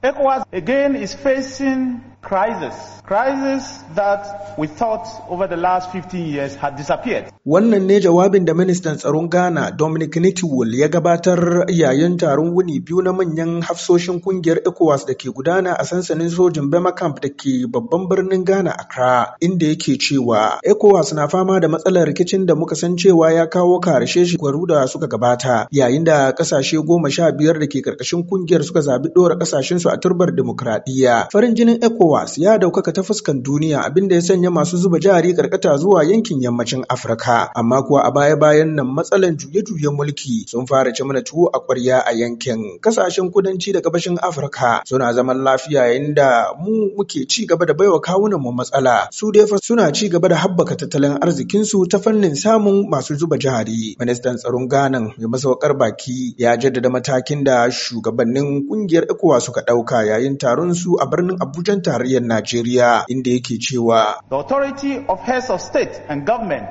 ECOWAS again is facing that the last Wannan ne jawabin da ministan tsaron Ghana Dominic Nitiwul ya gabatar yayin taron wuni biyu na manyan hafsoshin kungiyar ECOWAS da ke gudana a sansanin sojin Bema Camp da ke babban birnin Ghana Accra inda yake cewa ECOWAS na fama da matsalar rikicin da muka san cewa ya kawo karshe shekaru da suka gabata yayin da kasashe goma sha biyar da ke karkashin kungiyar suka zabi ɗora su a turbar demokradiyya. Farin jinin ECOWAS ECOWAS ya daukaka ta fuskan duniya abinda ya sanya masu zuba jari karkata zuwa yankin yammacin Afirka. Amma kuwa a baya-bayan nan matsalan juye-juyen mulki sun fara ci mana tuwo a ƙwarya a yankin. Kasashen kudanci da gabashin Afirka suna zaman lafiya yayin mu muke ci gaba da baiwa kawunan mu matsala. Su dai fa suna ci gaba da habbaka tattalin arzikinsu ta fannin samun masu zuba jari. Ministan tsaron Ghana mai masaukar baki ya jaddada matakin da shugabannin kungiyar ECOWAS suka ɗauka yayin taron su a birnin Abuja tarayyar Najeriya inda yake cewa The authority of heads of state and government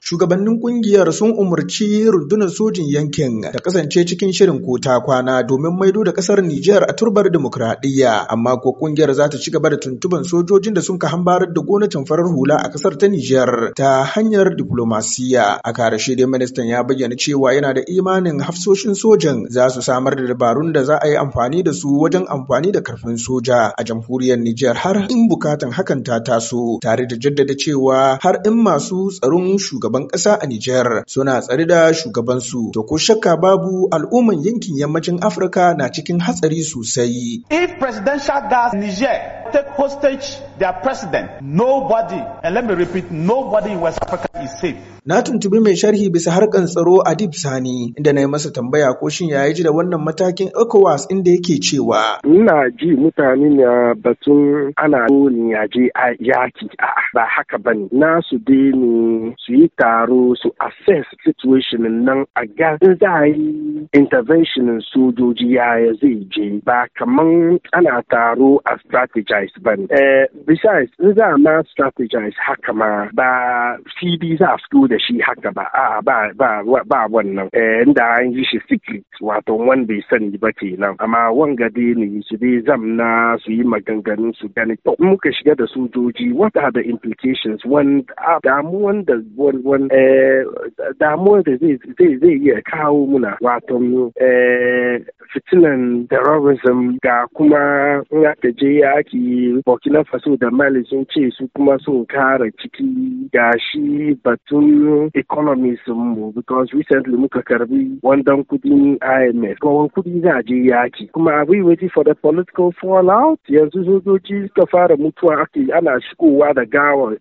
Shugabannin kungiyar sun umarci rundunar sojin yankin da kasance cikin shirin kota kwana domin maido da kasar Nijar a turbar demokradiyya amma ko kungiyar za ta ci gaba da tuntuban sojojin da sun ka hambarar da gwamnatin farar hula a kasar ta Nijar ta hanyar diplomasiya. A karashe dai ministan ya bayyana cewa yana da imanin hafsoshin sojan za su samar da dabarun da za a yi amfani da su wajen amfani da karfin soja a jamhuriyar Nijar har in bukatan hakan ta ta taso tare da jaddada cewa har in masu tsaron shugaban ƙasa a Nijar suna tsare da shugabansu to ko shakka babu al'umman yankin yammacin Afirka na cikin hatsari sosai. If presidential gas Niger take hostage their president. Nobody, and let me repeat, nobody in West Africa is safe. Na tuntubi mai sharhi bisa harkan tsaro Adib Sani inda na yi masa tambaya ko shin ya ji da wannan matakin ECOWAS inda yake cewa. Ina ji mutane na batun ana ni a yaki a ba haka ba ne na su ni su yi taro su assess situation nan a ga in za yi intervention sojoji yaya zai je ba kaman ana taro a strategize ba ne eh, besides in za a ma strategize haka ma ba cd za a fito da shi haka ba a ba ba wannan eh, inda an yi shi secret wato wanda bai sani ba ke nan. amma wanga dai ne su dai zamna su yi maganganun su gani to muka shiga da sojoji what are the complications damuwan da eh, damuwan da zai iya kawo muna wato eh, fitinan terrorism ga kuma ya aka je ake burkina faso da mali sun ce su kuma sun kara ciki ga shi batun economy sun mu because recently muka karbi wandan kudin imf kowan kudi za a je yaki kuma we waiting for the political fallout yanzu sojoji suka fara mutuwa ake ana shigowa da gawa gawan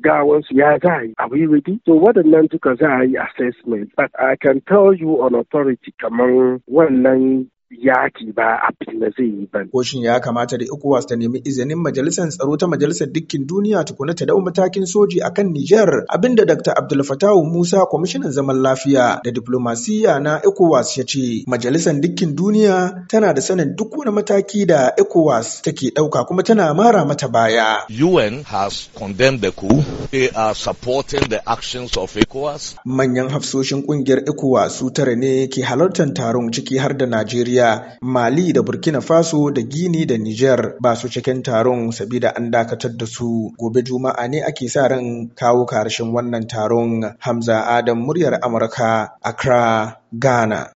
gawansu ya za are we ready to waɗannan duka za a yi assessment but I can tell you on authority one nine. yaki ba a filla zai yi ba. Ko shin ya kamata da ECOWAS ta nemi izinin majalisar tsaro ta majalisar dukkin duniya tukuna ta dau matakin soji a kan Nijar abinda Dr. Abdul Fatawu Musa kwamishinan zaman lafiya da diplomasiya na ECOWAS ya ce majalisar dukkin duniya tana da sanin duk wani mataki da ECOWAS take dauka kuma tana mara mata baya. UN has condemned the coup. They are supporting the actions of ECOWAS. Manyan hafsoshin kungiyar ECOWAS su tare ne ke halartar taron ciki har da Najeriya. Najeriya, Mali da Burkina Faso da Gini da Niger ba su cikin taron sabida an dakatar da su. Gobe Juma'a ne ake sa ran kawo karshen wannan taron. Hamza Adam muryar Amurka, Accra, Ghana.